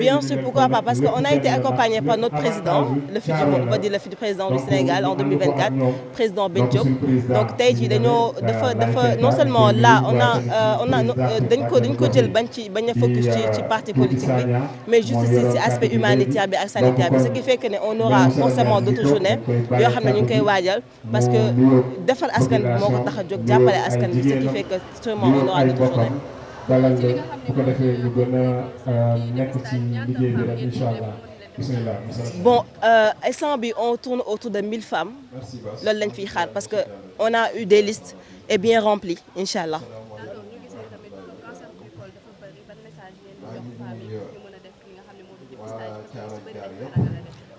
Bien sûr, pourquoi pas Parce qu'on a été accompagné par notre président, le futur, on dire le président du Sénégal en 2024, président Ben Donc, euh, non seulement là on a euh, on a focus sur le parti politique mais juste sur l'aspect humanitaire et sanitaire ce qui fait qu'on aura forcément d'autres journées parce que defal askan a ce qui fait que on aura d'autres journées dalal la bu ko defee ñu gën a euh, nekk ci liggéey bi rek incha allah bon euh, instant bi on tourne autour de 1000 femmes. Merci, lañ fiy xaar parce qu'on a eu des listes et bien remplies Inch'Allah.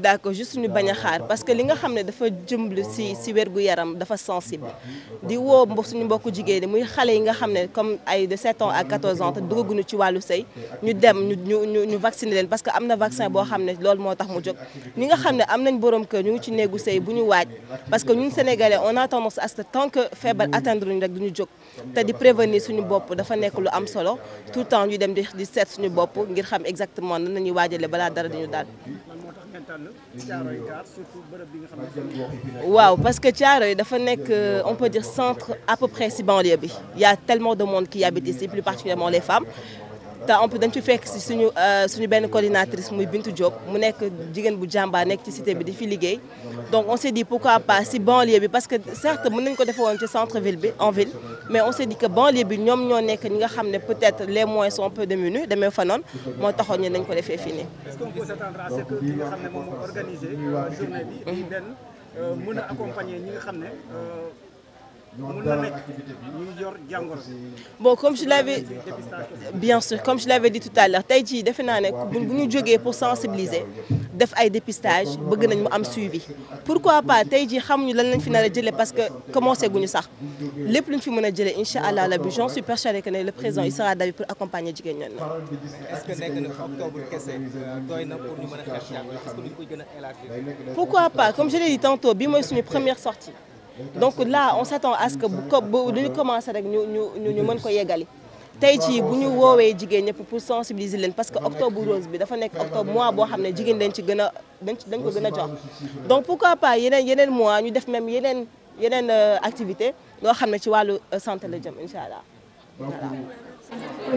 d'accord juste nous bañ hard, xaar parce que li nga xam ne dafa jëmblu si si vergouillaram, yaram dafa sensible di woo suñu mbokku jigéen de muy xale yi nga xam comme ay de 7 ans à 14 ans te duggaguñu ci le sey. ñu dem ñu ñu ñu vacciner parce que am vaccin bo xam ne loolu moo tax mu jóg ñi nga xam ne borom kër nous tuons ci néegu sëy bu ñu parce que ñun sénégalais on a tendance à ce temps tant que feebar atteindre ñu rek duñu jóg T'as di prévenir suñu bopp dafa nekk lu am solo tout le temps ñu dem di di seet suñu bop. ngir xam exactement nous nañuy waajale balaa dara di nous daal Wow, parce que Thiaroye dafa euh, on peut dire centre à peu près si banlieue Il y a tellement de monde qui habite ici plus particulièrement les femmes te on peut dañ fi fekk ci suñu euh, suñu benn coordinatrice muy Bintou Diop mu nekk jigéen bu jamba nekk ci cité bi di fi liggéey donc on s'est dit pourquoi pas si banlieue bi parce que certes mën nañ ko defee woon ci centre ville bi en ville mais on s'est dit que banlieue bi ñoom ñoo nekk ñi nga xam ne peut-être les moyens sont peu diminués demee fa noonu moo taxoon ñu nañ ko defee fii nii. est-ce qu'on peut s'attendre à ce que ki nga xam ne moom moo organisé euh, journée bi mhm. di benn euh, mën a accompagner ñi nga xam ne bon comme je l'avais bien sûr comme je l'avais dit tout à l'heure tey jii defe naa pour sensibiliser def ay dépistage bëgg nañ mu am suivi pourquoi pas tey jii xamuñu finalement lañ fi parce que commencé guñu sax ça? luñ fi mën a jëlee incha allah la j'en suis persuadée que ne le président il sera d'avis pour accompagner jigéen ñoon est-ce que na octobre doy na pour ñu pourquoi pas comme je l'ai dit tantôt bi mooy suñu première sortie donc là on s'attend à ce que nous commençons bu nous nous nous ñu ñu ñu ci bu ñu woowee jigéen pour sensibiliser leen parce que octobre rose bi dafa octobre mois bon hamne ne jigéen dañ ci gën a dañ ko gën a donc pourquoi pas yenen yenen mois ñu def même yenen yenen euh, activité yoo xam ne ci wàllu euh, santé la jëm incha allah voilà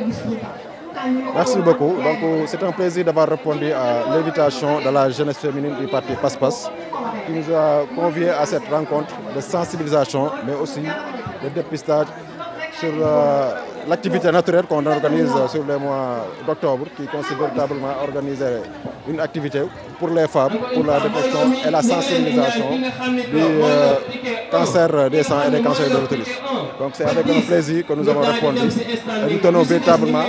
Merci beaucoup. Donc, c'est un plaisir d'avoir répondu à l'invitation de la jeunesse féminine du parti Passe-Passe qui nous a conviés à cette rencontre de sensibilisation, mais aussi de dépistage sur euh, l'activité naturelle qu'on organise sur le mois d'octobre, qui consiste véritablement à organiser une activité pour les femmes, pour la détection et la sensibilisation du euh, cancer des seins et des cancers de l'utérus. Donc c'est avec un plaisir que nous avons répondu nous tenons véritablement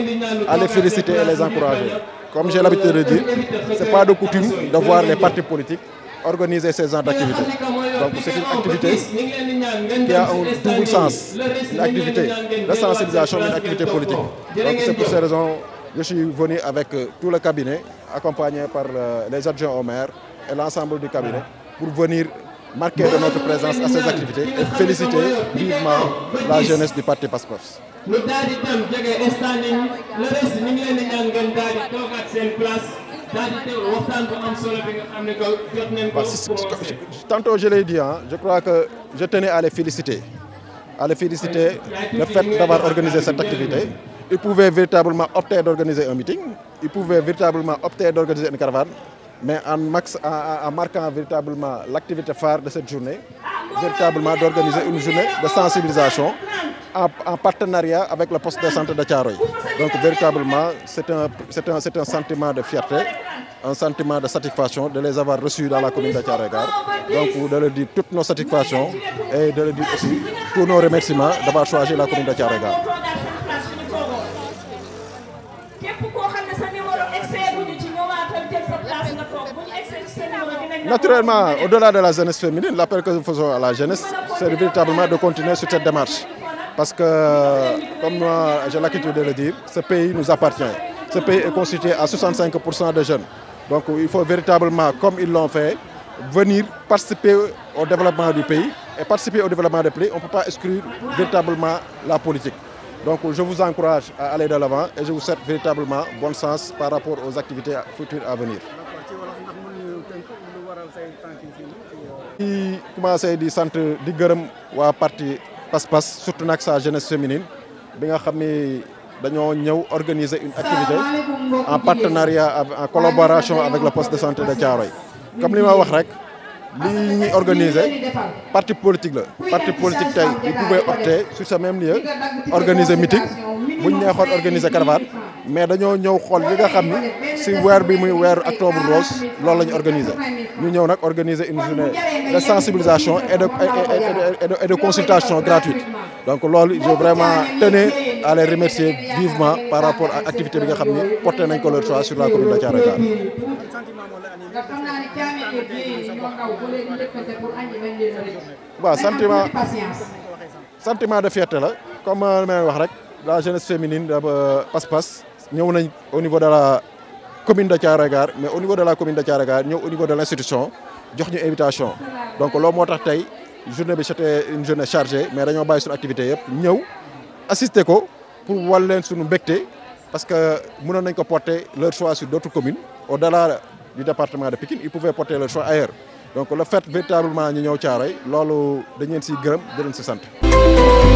à les féliciter et les encourager. Comme j'ai l'habitude de dire, ce n'est pas de coutume de voir les partis politiques organiser ces genres d'activités. Donc c'est une activité qui a un double sens, une activité sensibilisation, une activité politique. Donc c'est pour ces raisons que je suis venu avec euh, tout le cabinet, accompagné par euh, les adjoints au maire et l'ensemble du cabinet, pour venir marquer de notre présence à ces activités et féliciter vivement la jeunesse du parti Passeport. Tantôt je l'ai dit, hein, je crois que je tenais à les féliciter. À les féliciter le fait d'avoir organisé cette activité. Ils pouvaient véritablement opter d'organiser un meeting, ils pouvaient véritablement opter d'organiser une caravane, mais en, en marquant véritablement l'activité phare de cette journée, véritablement d'organiser une journée de sensibilisation en, partenariat avec le poste de centre de Tcharoy. Donc véritablement, c'est un, un, un, sentiment de fierté, un sentiment de satisfaction de les avoir reçus dans la commune de Gard. Donc de leur dire toutes nos satisfactions et de leur dire aussi tous nos remerciements d'avoir choisi la commune de Gard. Naturellement, au-delà de la jeunesse féminine, l'appel que nous faisons à la jeunesse, c'est véritablement de continuer sur cette démarche. Parce que, comme euh, j'ai l'habitude de le dire, ce pays nous appartient. Ce pays est constitué à 65% de jeunes. Donc il faut véritablement, comme ils l'ont fait, venir participer au développement du pays. Et participer au développement des pays, on ne peut pas exclure véritablement la politique. Donc je vous encourage à aller de l'avant et je vous souhaite véritablement bon sens par rapport aux activités futures à venir di commencé di sant di gërëm wa parti Pass-Pass surtout nak sa jeunesse féminine bi nga xamni dañu ñëw organiser une activité en partenariat en collaboration avec le poste de santé de Thiaroye comme li ma wax rek li ñi organiser parti politique la parti politique tay di pouvez opter sur ce même lieu organiser meeting buñ neexoon organiser caravane mais dañu ñëw xol li nga xamni si weer bi muy weeru octobre rose loolu la ñu organiser ñu ñëw nag organiser une journée de sensibilisation et de et de et de consultation gratuite donc loolu je vraiment tenais à les remercier vivement par rapport à activité bi nga xam ni porté nañ ko leur choix sur la commune de Thiaroye Gare. waaw sentiment sentiment de fierté la comme may wax rek la jeunesse féminine de euh, Passe Passe ñëw nañ au niveau de la commune de mais au niveau de la commune de thiaroye au niveau de l'institution, nous avons une invitation donc le moo de journée c'était une journée chargée mais nous avons sur activité nous assistons assister ko pour voir nous parce que nous avons ko porter leur choix sur d'autres communes au delà du département de Pékin, ils pouvaient porter leur choix ailleurs donc le fait véritablement de ñëw Thiaroye nous dañ gërëm